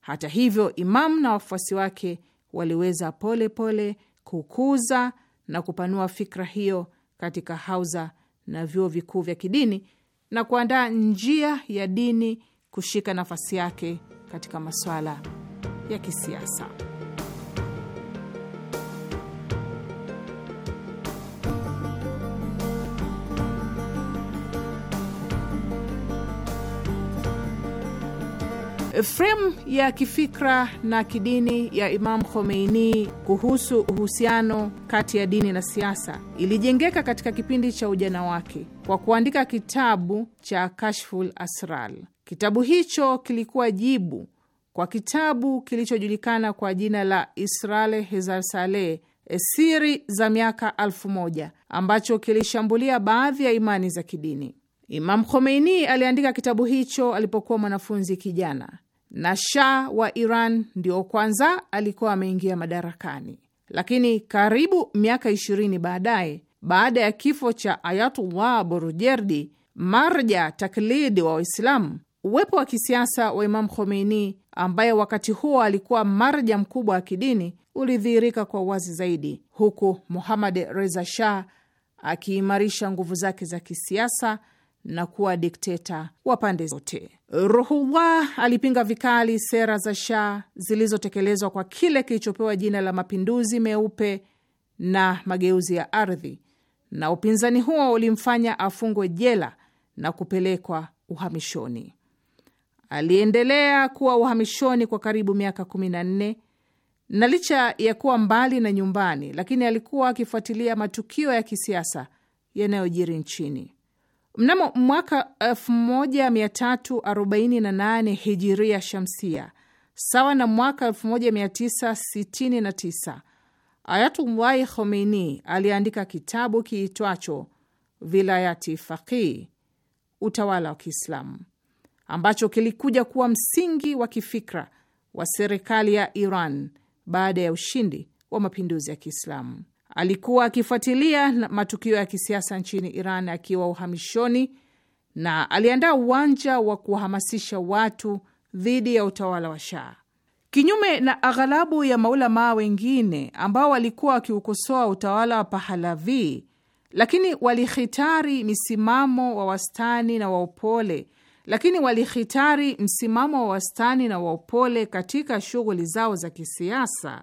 S4: Hata hivyo, Imam na wafuasi wake waliweza pole pole kukuza na kupanua fikra hiyo katika hauza na vyuo vikuu vya kidini na kuandaa njia ya dini kushika nafasi yake katika masuala ya kisiasa. Fremu ya kifikra na kidini ya Imam Khomeini kuhusu uhusiano kati ya dini na siasa ilijengeka katika kipindi cha ujana wake kwa kuandika kitabu cha Kashful Asral. Kitabu hicho kilikuwa jibu kwa kitabu kilichojulikana kwa jina la Israel Hezar Saleh, siri za miaka alfu moja ambacho kilishambulia baadhi ya imani za kidini. Imam Khomeini aliandika kitabu hicho alipokuwa mwanafunzi kijana na Shah wa Iran ndio kwanza alikuwa ameingia madarakani, lakini karibu miaka ishirini baadaye, baada ya kifo cha Ayatullah Borujerdi, marja taklidi wa Waislamu, uwepo wa kisiasa wa Imam Khomeini ambaye wakati huo alikuwa marja mkubwa wa kidini ulidhihirika kwa uwazi zaidi, huku Muhammad Reza Shah akiimarisha nguvu zake za kisiasa na kuwa dikteta wa pande zote. Ruhullah alipinga vikali sera za Shah zilizotekelezwa kwa kile kilichopewa jina la mapinduzi meupe na mageuzi ya ardhi, na upinzani huo ulimfanya afungwe jela na kupelekwa uhamishoni. Aliendelea kuwa uhamishoni kwa karibu miaka 14 na licha ya kuwa mbali na nyumbani, lakini alikuwa akifuatilia matukio ya kisiasa yanayojiri nchini. Mnamo mwaka 1348 hijiria shamsia, sawa na mwaka 1969, Ayatullahi Khomeini aliandika kitabu kiitwacho Vilayati Faqih, utawala wa Kiislamu, ambacho kilikuja kuwa msingi wa kifikra wa serikali ya Iran baada ya ushindi wa mapinduzi ya Kiislamu. Alikuwa akifuatilia matukio ya kisiasa nchini Iran akiwa uhamishoni na aliandaa uwanja wa kuwahamasisha watu dhidi ya utawala wa Shah. Kinyume na aghalabu ya maulamaa wengine ambao walikuwa wakiukosoa utawala wa Pahalavi, lakini walihitari msimamo wa wastani na wa upole lakini walihitari msimamo wa wastani na wa upole katika shughuli zao za kisiasa.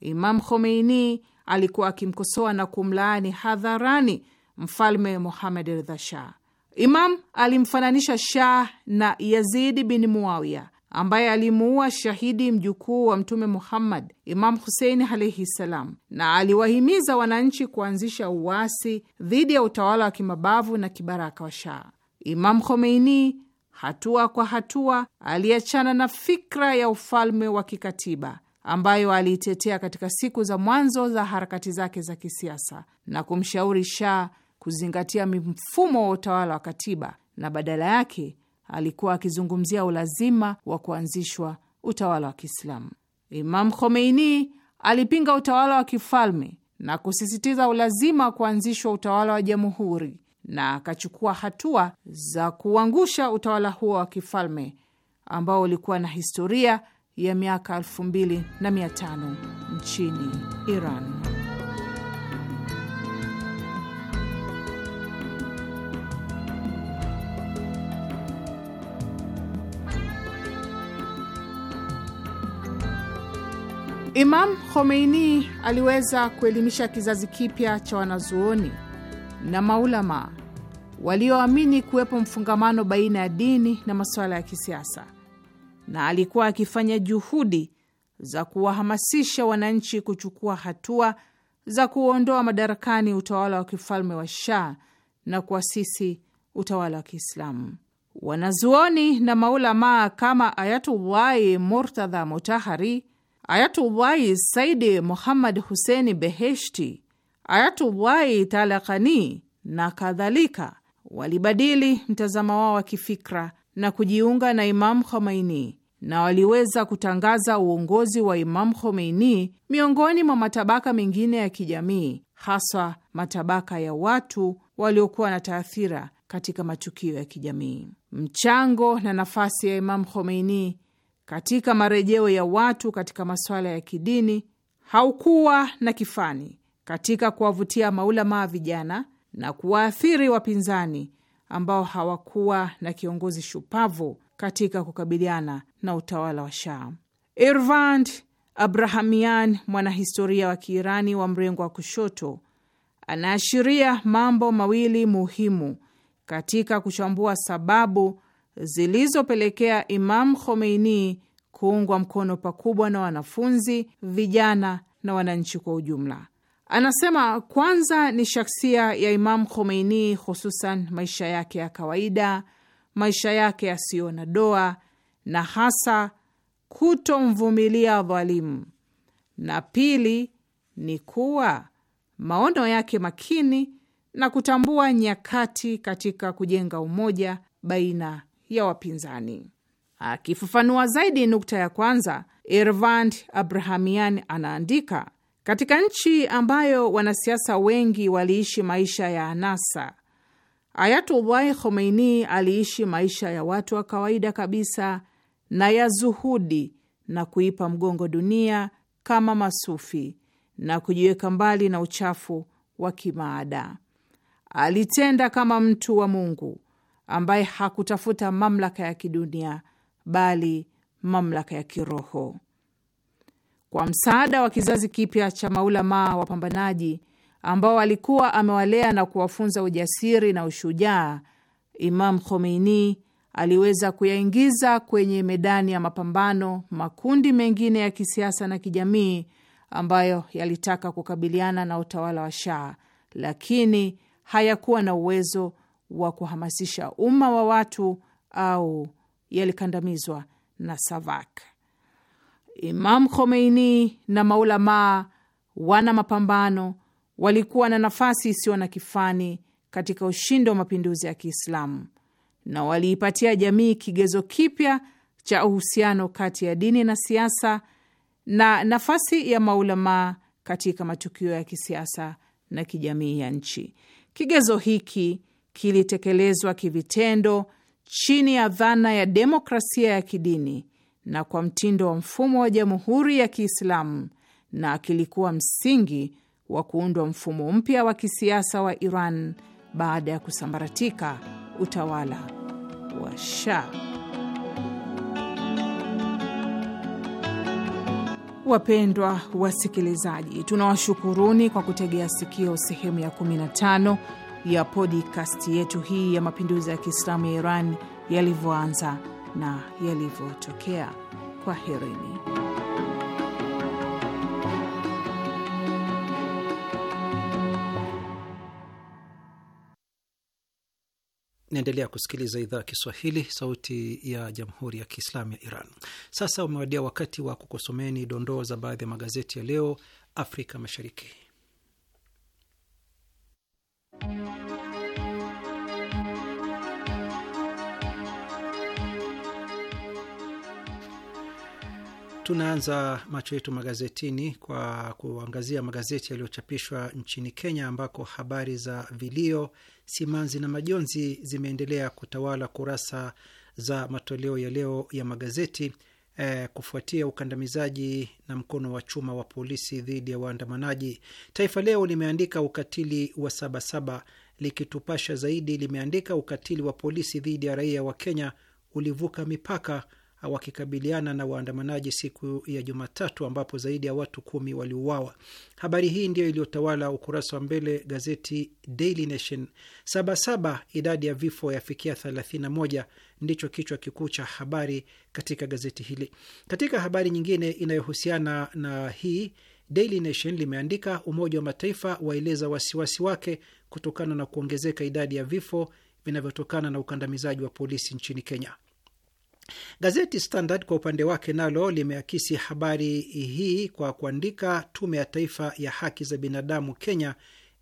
S4: Imam Khomeini alikuwa akimkosoa na kumlaani hadharani mfalme Mohamed Ridha Shah. Imam alimfananisha Shah na Yazidi bin Muawiya ambaye alimuua shahidi mjukuu wa Mtume Muhammad, Imam Husein alaihi ssalam, na aliwahimiza wananchi kuanzisha uasi dhidi ya utawala wa kimabavu na kibaraka wa Shah. Imam Khomeini hatua kwa hatua aliachana na fikra ya ufalme wa kikatiba ambayo aliitetea katika siku za mwanzo za harakati zake za kisiasa na kumshauri Shah kuzingatia mfumo wa utawala wa katiba, na badala yake alikuwa akizungumzia ulazima wa kuanzishwa utawala wa Kiislamu. Imam Khomeini alipinga utawala wa kifalme na kusisitiza ulazima wa kuanzishwa utawala wa jamhuri na akachukua hatua za kuangusha utawala huo wa kifalme ambao ulikuwa na historia ya miaka 2500 nchini Iran. Imam Khomeini aliweza kuelimisha kizazi kipya cha wanazuoni na maulama walioamini kuwepo mfungamano baina ya dini na masuala ya kisiasa na alikuwa akifanya juhudi za kuwahamasisha wananchi kuchukua hatua za kuondoa madarakani utawala wa kifalme wa Shah na kuasisi utawala wa Kiislamu. Wanazuoni na maulamaa kama Ayatullahi Murtadha Mutahari, Ayatullahi Saidi Muhammad huseni Beheshti, Ayatullahi Talakani na kadhalika walibadili mtazamo wao wa kifikra na kujiunga na Imam Khomeini na waliweza kutangaza uongozi wa Imam Khomeini miongoni mwa matabaka mengine ya kijamii, haswa matabaka ya watu waliokuwa na taathira katika matukio ya kijamii. Mchango na nafasi ya Imam Khomeini katika marejeo ya watu katika masuala ya kidini haukuwa na kifani katika kuwavutia maulamaa vijana na kuwaathiri wapinzani ambao hawakuwa na kiongozi shupavu katika kukabiliana na utawala wa Shah. Irvand Abrahamian, mwanahistoria wa Kiirani wa mrengo wa kushoto, anaashiria mambo mawili muhimu katika kuchambua sababu zilizopelekea Imam Khomeini kuungwa mkono pakubwa na wanafunzi, vijana na wananchi kwa ujumla. Anasema kwanza ni shaksia ya Imam Khomeini, hususan maisha yake ya kawaida, maisha yake yasiyo na doa na hasa kutomvumilia dhalimu, na pili ni kuwa maono yake makini na kutambua nyakati katika kujenga umoja baina ya wapinzani. Akifafanua zaidi nukta ya kwanza, Ervand Abrahamian anaandika, katika nchi ambayo wanasiasa wengi waliishi maisha ya anasa, Ayatullahi Khomeini aliishi maisha ya watu wa kawaida kabisa na ya zuhudi na kuipa mgongo dunia kama masufi na kujiweka mbali na uchafu wa kimaada. Alitenda kama mtu wa Mungu ambaye hakutafuta mamlaka ya kidunia bali mamlaka ya kiroho. Kwa msaada wa kizazi kipya cha maulamaa wapambanaji ambao alikuwa amewalea na kuwafunza ujasiri na ushujaa, Imam Khomeini aliweza kuyaingiza kwenye medani ya mapambano makundi mengine ya kisiasa na kijamii ambayo yalitaka kukabiliana na utawala wa Shah, lakini hayakuwa na uwezo wa kuhamasisha umma wa watu au yalikandamizwa na SAVAK. Imam Khomeini na maulamaa wana mapambano walikuwa na nafasi isiyo na kifani katika ushindi wa mapinduzi ya Kiislamu na waliipatia jamii kigezo kipya cha uhusiano kati ya dini na siasa na nafasi ya maulamaa katika matukio ya kisiasa na kijamii ya nchi. Kigezo hiki kilitekelezwa kivitendo chini ya dhana ya demokrasia ya kidini na kwa mtindo wa mfumo wa Jamhuri ya Kiislamu na kilikuwa msingi wa kuundwa mfumo mpya wa kisiasa wa Iran baada ya kusambaratika utawala wa sha. Wapendwa wasikilizaji, tunawashukuruni kwa kutegea sikio sehemu ya 15 ya podcast yetu hii ya mapinduzi ya Kiislamu ya Iran yalivyoanza na yalivyotokea. Kwaherini.
S2: Naendelea kusikiliza idhaa ya Kiswahili, sauti ya jamhuri ya kiislamu ya Iran. Sasa umewadia wakati wa kukosomeni dondoo za baadhi ya magazeti ya leo Afrika Mashariki. Tunaanza macho yetu magazetini kwa kuangazia magazeti yaliyochapishwa nchini Kenya, ambako habari za vilio, simanzi na majonzi zimeendelea kutawala kurasa za matoleo ya leo ya magazeti eh, kufuatia ukandamizaji na mkono wa chuma wa polisi dhidi ya waandamanaji. Taifa Leo limeandika ukatili wa Sabasaba, likitupasha zaidi limeandika ukatili wa polisi dhidi ya raia wa Kenya ulivuka mipaka wakikabiliana na waandamanaji siku ya Jumatatu ambapo zaidi ya watu kumi waliuawa. Habari hii ndiyo iliyotawala ukurasa wa mbele gazeti Daily Nation. Sabasaba, idadi ya vifo yafikia 31 ndicho kichwa kikuu cha habari katika gazeti hili. Katika habari nyingine inayohusiana na hii Daily Nation limeandika Umoja wa Mataifa waeleza wasiwasi wake kutokana na kuongezeka idadi ya vifo vinavyotokana na ukandamizaji wa polisi nchini Kenya. Gazeti Standard kwa upande wake nalo limeakisi habari hii kwa kuandika, tume ya taifa ya haki za binadamu Kenya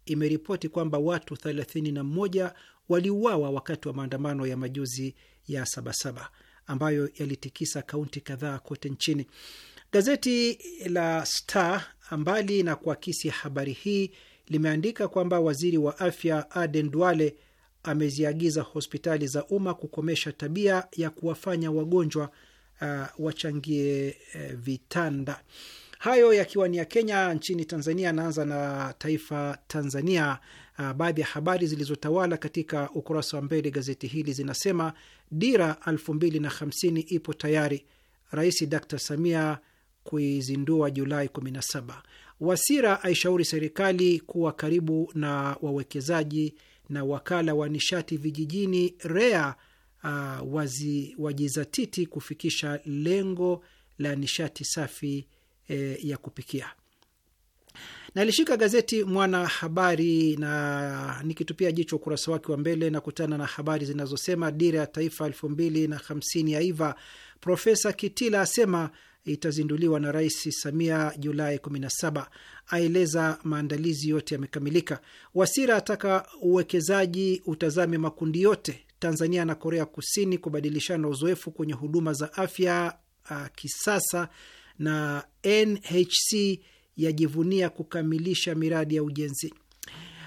S2: imeripoti kwamba watu 31 waliuawa wakati wa maandamano ya majuzi ya Sabasaba ambayo yalitikisa kaunti kadhaa kote nchini. Gazeti la Star, mbali na kuakisi habari hii, limeandika kwamba waziri wa afya Aden Duale ameziagiza hospitali za umma kukomesha tabia ya kuwafanya wagonjwa uh, wachangie uh, vitanda. Hayo yakiwa ni ya Kenya. Nchini Tanzania, anaanza na Taifa Tanzania. Uh, baadhi ya habari zilizotawala katika ukurasa wa mbele gazeti hili zinasema dira 2050 ipo tayari, Rais Dr Samia kuizindua Julai 17. Wasira aishauri serikali kuwa karibu na wawekezaji na wakala wa nishati vijijini REA uh, wazi, wajizatiti kufikisha lengo la nishati safi eh, ya kupikia. Nalishika gazeti mwana habari na nikitupia jicho ukurasa wake wa mbele na kutana na habari zinazosema dira ya taifa elfu mbili na hamsini ya iva. Profesa Kitila asema itazinduliwa na Rais Samia Julai 17. Aeleza maandalizi yote yamekamilika. Wasira ataka uwekezaji utazame makundi yote, Tanzania na Korea Kusini kubadilishana uzoefu kwenye huduma za afya uh, kisasa na NHC yajivunia kukamilisha miradi ya ujenzi.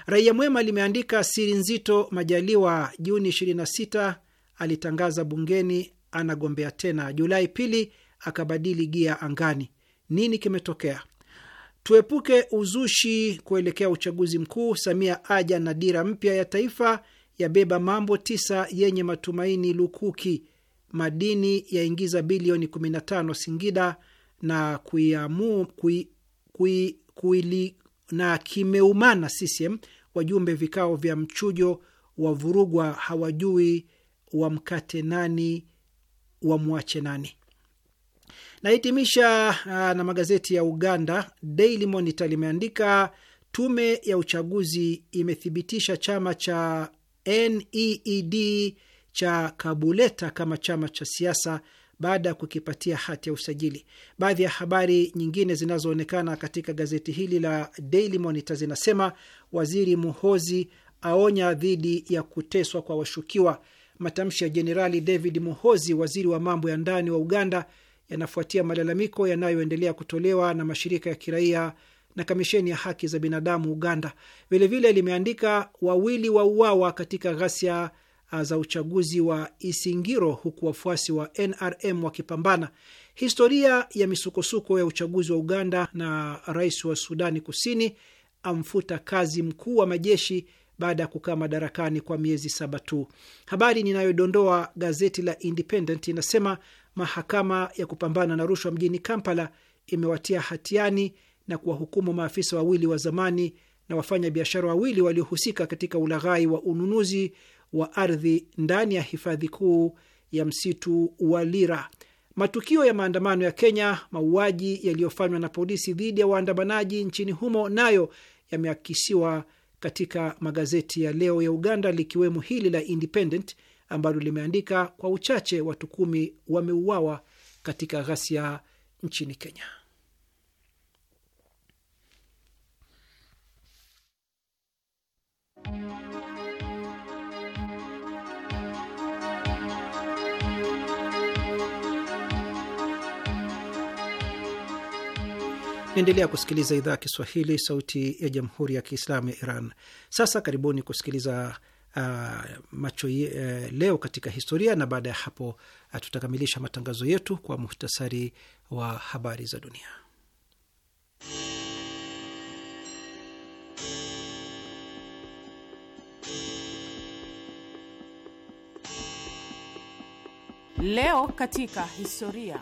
S2: Raia Mwema limeandika siri nzito, Majaliwa Juni 26 alitangaza bungeni anagombea tena. Julai pili, akabadili gia angani. Nini kimetokea? Tuepuke uzushi kuelekea uchaguzi mkuu. Samia aja na dira mpya ya taifa, yabeba mambo tisa yenye matumaini lukuki. Madini yaingiza bilioni 15 Singida na kuiamu, kui, kui, kuili, na kimeumana CCM. Wajumbe vikao vya mchujo wa vurugwa, hawajui wamkate nani wamwache nani. Nahitimisha uh, na magazeti ya Uganda. Daily Monitor limeandika tume ya uchaguzi imethibitisha chama cha NEED cha Kabuleta kama chama cha siasa baada ya kukipatia hati ya usajili. Baadhi ya habari nyingine zinazoonekana katika gazeti hili la Daily Monitor zinasema waziri Muhozi aonya dhidi ya kuteswa kwa washukiwa. Matamshi ya Jenerali David Muhozi, waziri wa mambo ya ndani wa Uganda, yanafuatia malalamiko yanayoendelea kutolewa na mashirika ya kiraia na kamisheni ya haki za binadamu Uganda. Vilevile limeandika wawili wa uawa katika ghasia uh, za uchaguzi wa Isingiro, huku wafuasi wa NRM wakipambana. Historia ya misukosuko ya uchaguzi wa Uganda na rais wa Sudani Kusini amfuta kazi mkuu wa majeshi baada ya kukaa madarakani kwa miezi saba tu. Habari ninayodondoa gazeti la Independent inasema mahakama ya kupambana na rushwa mjini Kampala imewatia hatiani na kuwahukumu maafisa wawili wa zamani na wafanya biashara wawili waliohusika katika ulaghai wa ununuzi wa ardhi ndani ya hifadhi kuu ya msitu wa Lira. Matukio ya maandamano ya Kenya, mauaji yaliyofanywa na polisi dhidi ya waandamanaji nchini humo, nayo yameakisiwa katika magazeti ya leo ya Uganda, likiwemo hili la Independent ambalo limeandika kwa uchache watu kumi wameuawa katika ghasia nchini Kenya. Naendelea kusikiliza idhaa ya Kiswahili, sauti ya jamhuri ya kiislamu ya Iran. Sasa karibuni kusikiliza uh, macho uh, leo katika historia, na baada ya hapo uh, tutakamilisha matangazo yetu kwa muhtasari wa habari za dunia.
S4: Leo katika historia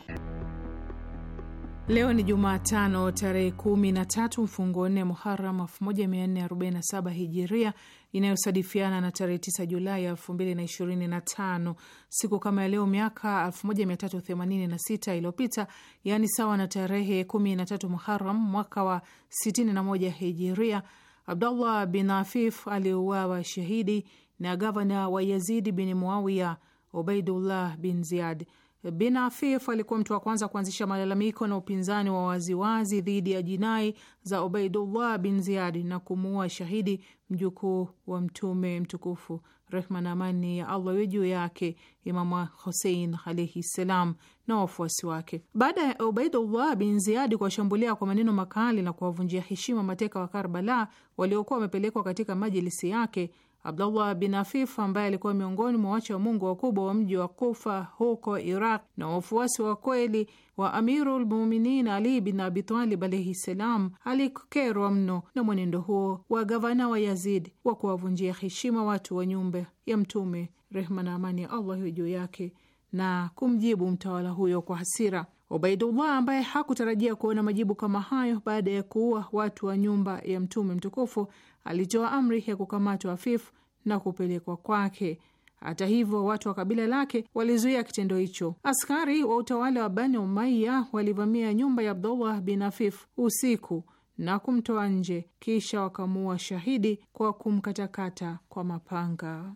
S4: Leo ni Jumatano tarehe kumi na tatu mfungo nne Muharam 1447 hijiria inayosadifiana na tarehe 9 Julai 2025. Siku kama ya leo miaka 1386 iliyopita, yaani sawa na tarehe 13 Muharam mwaka wa 61 hijiria, Abdullah bin Afif aliuawa shahidi na gavana wa Yazidi bin Muawiya Ubaidullah bin Ziyad Bin Afif alikuwa mtu wa kwanza kuanzisha malalamiko na upinzani wa waziwazi dhidi ya jinai za Ubaidullah bin Ziyadi na kumuua shahidi mjukuu wa Mtume mtukufu, rehma na amani ya Allah iwe juu yake, Imamu Husein alaihi ssalam na wafuasi wake. Baada ya Ubaidullah bin Ziyadi kuwashambulia kwa maneno makali na kuwavunjia heshima mateka wa Karbala waliokuwa wamepelekwa katika majilisi yake Abdullah bin Afif ambaye alikuwa miongoni mwa wacha wa Mungu wakubwa wa mji wa Kufa huko Iraq na wafuasi wa kweli wa Amirul Muminin Ali bin Abitalib alaihi ssalam, alikerwa mno na mwenendo huo wa gavana wa Yazid wa kuwavunjia heshima watu wa nyumba ya Mtume, rehma na amani ya Allah juu yake, na kumjibu mtawala huyo kwa hasira. Ubaidullah ambaye hakutarajia kuona majibu kama hayo baada ya kuua watu wa nyumba ya mtume mtukufu alitoa amri ya kukamatwa Afifu na kupelekwa kwake. Hata hivyo watu wa kabila lake walizuia kitendo hicho. Askari wa utawala wa Bani Umaiya walivamia nyumba ya Abdullah bin Afif usiku na kumtoa nje, kisha wakamuua shahidi kwa kumkatakata kwa mapanga.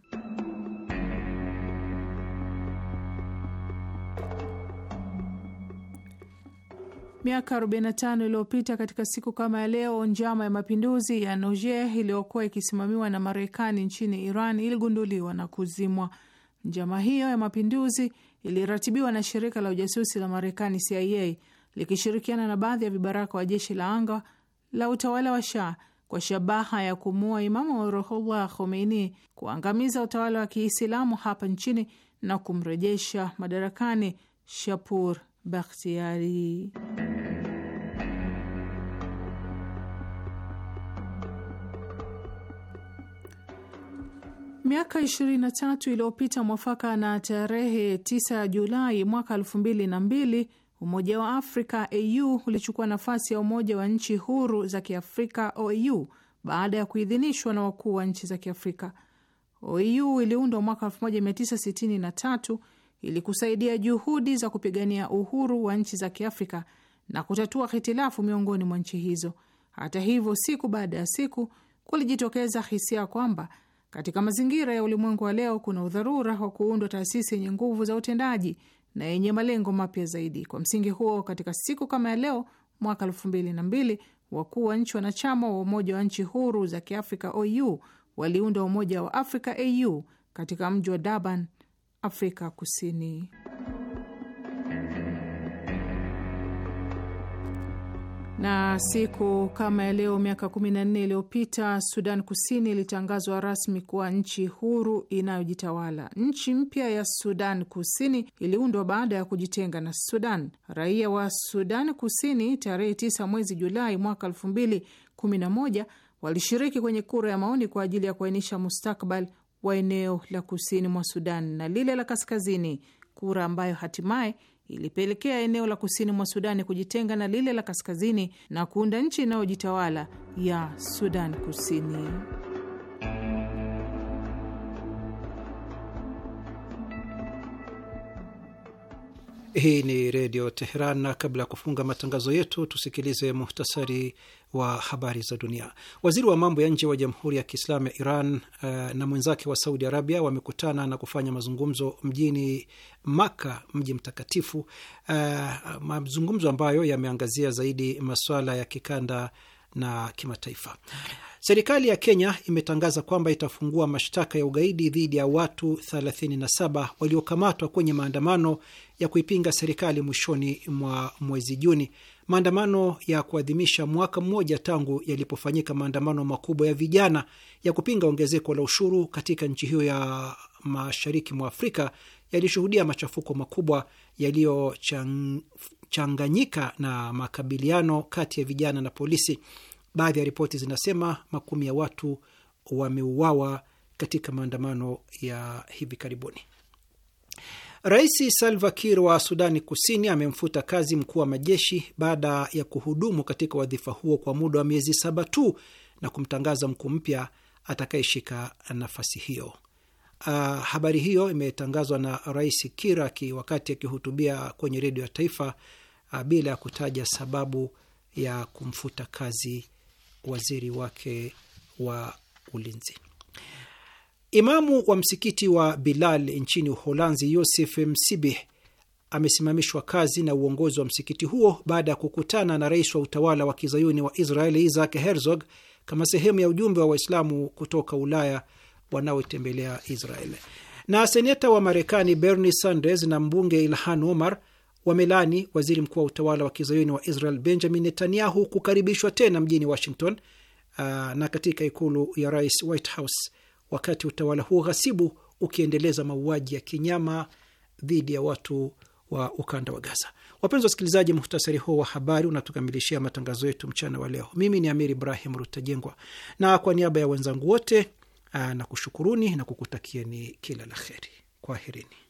S4: Miaka 45 iliyopita katika siku kama ya leo, njama ya mapinduzi ya noger iliyokuwa ikisimamiwa na Marekani nchini Iran iligunduliwa na kuzimwa. Njama hiyo ya mapinduzi iliratibiwa na shirika la ujasusi la Marekani CIA likishirikiana na baadhi ya vibaraka wa jeshi la anga la utawala wa Shah kwa shabaha ya kumua Imamu Ruhullah Khomeini, kuangamiza utawala wa Kiislamu hapa nchini na kumrejesha madarakani Shapur Bakhtiari. Miaka 23 iliyopita mwafaka na tarehe 9 Julai mwaka 2002, Umoja wa Afrika AU ulichukua nafasi ya Umoja wa Nchi Huru za Kiafrika OAU baada ya kuidhinishwa na wakuu wa nchi za Kiafrika. OAU iliundwa mwaka 1963 ili kusaidia juhudi za kupigania uhuru wa nchi za Kiafrika na kutatua hitilafu miongoni mwa nchi hizo. Hata hivyo, siku baada ya siku kulijitokeza hisia kwamba katika mazingira ya ulimwengu wa leo kuna udharura wa kuundwa taasisi yenye nguvu za utendaji na yenye malengo mapya zaidi. Kwa msingi huo, katika siku kama ya leo mwaka elfu mbili na mbili wakuu wa nchi wanachama wa Umoja wa Nchi Huru za Kiafrika OU waliunda Umoja wa Afrika AU katika mji wa Durban Afrika Kusini. Na siku kama ya leo miaka 14 iliyopita Sudan Kusini ilitangazwa rasmi kuwa nchi huru inayojitawala. Nchi mpya ya Sudan Kusini iliundwa baada ya kujitenga na Sudan. Raia wa Sudan Kusini tarehe 9 mwezi Julai mwaka 2011 walishiriki kwenye kura ya maoni kwa ajili ya kuainisha mustakbal wa eneo la kusini mwa Sudan na lile la kaskazini, kura ambayo hatimaye ilipelekea eneo la kusini mwa Sudani kujitenga na lile la kaskazini na kuunda nchi inayojitawala ya Sudan Kusini.
S2: Hii ni Redio Teheran, na kabla ya kufunga matangazo yetu tusikilize muhtasari wa habari za dunia. Waziri wa mambo ya nje wa Jamhuri ya Kiislamu ya Iran uh, na mwenzake wa Saudi Arabia wamekutana na kufanya mazungumzo mjini Maka, mji mtakatifu uh, mazungumzo ambayo yameangazia zaidi masuala ya kikanda na kimataifa. Serikali ya Kenya imetangaza kwamba itafungua mashtaka ya ugaidi dhidi ya watu 37 waliokamatwa kwenye maandamano ya kuipinga serikali mwishoni mwa mwezi Juni, maandamano ya kuadhimisha mwaka mmoja tangu yalipofanyika maandamano makubwa ya vijana ya kupinga ongezeko la ushuru katika nchi hiyo ya mashariki mwa Afrika yalishuhudia machafuko makubwa yaliyochanganyika na makabiliano kati ya vijana na polisi. Baadhi ya ripoti zinasema makumi ya watu wameuawa katika maandamano ya hivi karibuni. Rais Salva Kiir wa Sudani Kusini amemfuta kazi mkuu wa majeshi baada ya kuhudumu katika wadhifa huo kwa muda wa miezi saba tu na kumtangaza mkuu mpya atakayeshika nafasi hiyo. Uh, habari hiyo imetangazwa na Rais Kiir wakati akihutubia kwenye redio ya taifa uh, bila ya kutaja sababu ya kumfuta kazi waziri wake wa ulinzi. Imamu wa msikiti wa Bilal nchini Uholanzi, Yosef Msibih, amesimamishwa kazi na uongozi wa msikiti huo baada ya kukutana na rais wa utawala wa kizayuni wa Israeli Isaac Herzog kama sehemu ya ujumbe wa Waislamu kutoka Ulaya wanaotembelea Israeli. Na seneta wa Marekani Bernie Sanders na mbunge Ilhan Omar wamelani waziri mkuu wa utawala wa kizayuni wa Israel Benjamin Netanyahu kukaribishwa tena mjini Washington uh, na katika ikulu ya rais White House, wakati utawala huo ghasibu ukiendeleza mauaji ya kinyama dhidi ya watu wa ukanda wa Gaza. Wapenzi wasikilizaji, muhtasari huo wa habari unatukamilishia matangazo yetu mchana wa leo. Mimi ni Amir Ibrahim Rutajengwa, na kwa niaba ya wenzangu wote uh, na kushukuruni na kukutakieni kila la heri. Kwaherini.